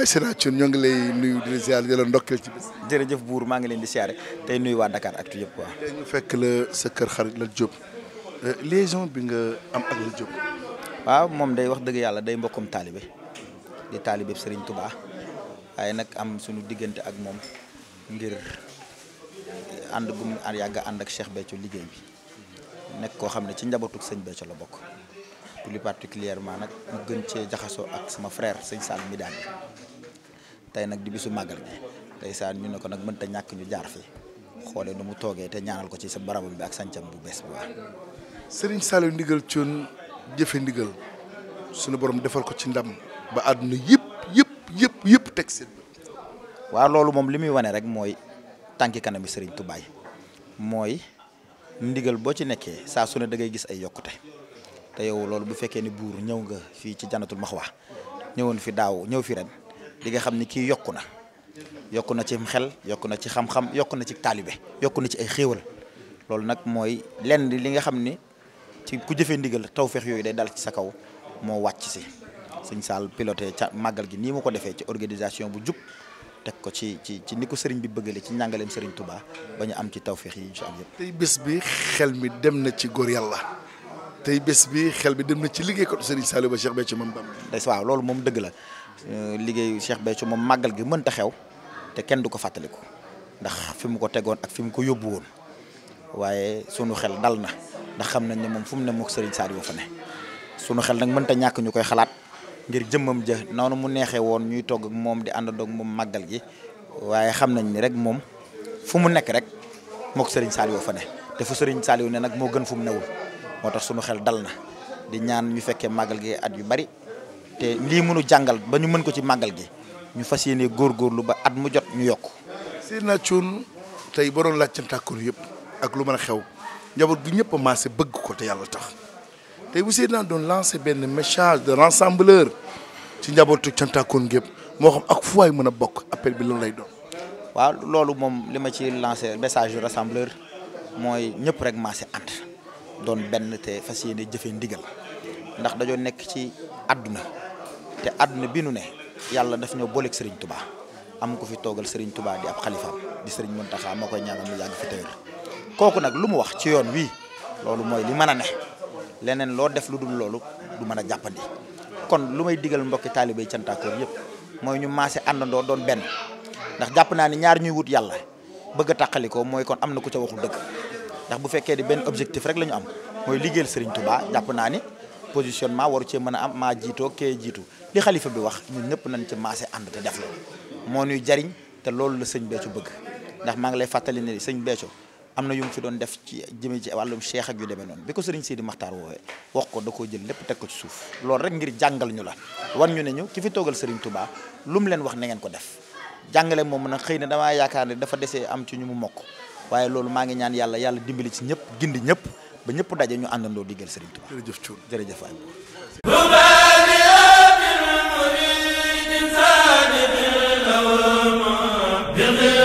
Baye Séna Thioune ñoo ngi lay nuyu di la ziar di la ndokkeel ci bés. jërëjëf buur maa ngi leen di siyaare tey nuyu waa Dakar ak yëpp quoi. tey ñu fekk la sa kër xarit Lat Diop euh, liaison bi nga am ak Lat Diop. waaw moom day wax dëgg yàlla day mbokkum taalibe di taalibe Serigne Touba waaye nag am suñu diggante ak moom ngir ànd gu mu yàgg ànd ak Cheikh Béthio liggéey bi nekk koo xam ne ci njabootu sëñ Béthio la bok plus particulièrement nak mu gën ci jaxaso ak sama frère sëñ Sall mi daan tey di bisu magal gi tay sa ñu ne ko nag mënta ñak ñu jaar fi xolé nu mu toogee té ñaanal ko ci sa barabam bi ak sancam bu bes bu wa Serigne Sall ndigal ciun jëfe ndigal suñu borom defal ko ci ndam ba aduna yépp yépp yépp yépp tek sét wa loolu mom limi wone rek moy tanki kanami Serigne Touba moy ndigal bo ci nekké sa suñu da ngay gis ay yokuté te yow loolu bu fekkee ni buur ñëw nga fii ci janatul maxwa ñëwoon fi daaw ñëw fi ren li nga xam ni ki yokku na yokk na ci xel yokk na ci xam-xam yokku na ci taalibe yokk na ci ay xéewal loolu nag mooy lenn li nga xam ni ci ku jëfee ndigal tawfeex yooyu day daal ci sa kaw moo wàcc si sëñ Saal piloté ca màggal gi nii mu ko defee ci organisation bu jub teg ko ci ci ci ni ko sëriñ bi bëggale ci njàngaleem sëriñ Touba ba ñu am ci tawfeex yi ñu si am yëpp. tey bi xel mi dem na ci góor yàlla. tey bés bi xel bi dem na ci liggéey ko Serigne Saliou ba Cheikh Béthio moom Bamba. des waaw loolu moom dëgg la euh, liggéeyu Cheikh Béthio moom màggal gi mënta xew te kenn du ko fàttaliku ndax fi mu ko tegoon ak fi mu ko yóbbu woon waaye sunu xel dal na ndax xam nañ ne moom fu mu ne moog Serigne Saliou fa ne sunu xel nag mënta ñàkk ñu koy xalaat ngir jëmmam ja noonu mu neexee woon ñuy togg ak moom di àndandoog moom màggal gi waaye xam nañ ni rek moom fu mu nekk rek moog Serigne Saliou fa ne te fu Serigne Saliou ne nag moo gën fu mu newul. moo tax sunu xel dal na di ñaan ñu fekkee màggal gi at yu bari te lii mënu jàngal ba ñu mën ko ci màggal gi ñu fas yéene góor góor lu ba at mu jot ñu yokk si na cuun tey boo doon laajte tàkkoon yëpp ak lu mën a xew njaboot bi ñëpp a maase bëgg ko te yàlla tax tey bu Seydina doon lancé benn message de rassembleur ci njabootu cantakoon gépp moo xam ak fu waay mën a bokk appel bi lan lay doon. waaw loolu moom li ma ci lancé message de rassembleur mooy ñëpp rek maase Don Ben te fas yéene jëfee ndigal ndax dañoo nek ci àdduna te aduna bi nu ne yàlla daf ñoo booleeg Serigne Touba am ko fi toogal Serigne Touba di ab xalifaam di Serigne Mountakha moo ñaanal mu yàgg fi tëwër kooku nag lu mu wax ci yoon wii loolu mooy li mën ne def lu dul du mën kon lu digal digal mbokki taalibe cantaakoor yëpp mooy ñu maase àndandoo doon benn ndax jàpp naa ni ñaar ñuy wut yàlla bëgg a tàqali ko kon am ku ca waxul ndax bu fekkee di benn objectif rek la ñu am mooy liggéeyal Serigne Touba jàpp naa ni positionnement waru cee mën a am maa jiitoo kee jiitu li xalifa bi wax ñun ñëpp nañ ci maase ànd def la moo ñuy jariñ te loolu la sëñ Béthio bëgg ndax maa ngi lay fàttali ne sëñ Béthio am na yu mu fi doon def ci jëme ci wàllum cheikh ak yu demee noonu bi ko sëriñ Sidi Maxtaar wax ko da koo jël lépp teg ko ci suuf loolu rek ngir jàngal ñu la wan ñu ne ñu ki fi toogal sëriñ tubaa lu mu leen wax na ngeen ko def jàngale moom nag xëy na damaa yaakaar ne dafa desee am ci ñu mu mokk waaye loolu maa ngi ñaan yàlla yàlla dimbali ci ñëpp gindi ñëpp ba ñëpp daje ñu àndandoo diggal Serigne Touba. jërëjëf Thioune jërëjëf waay. Building.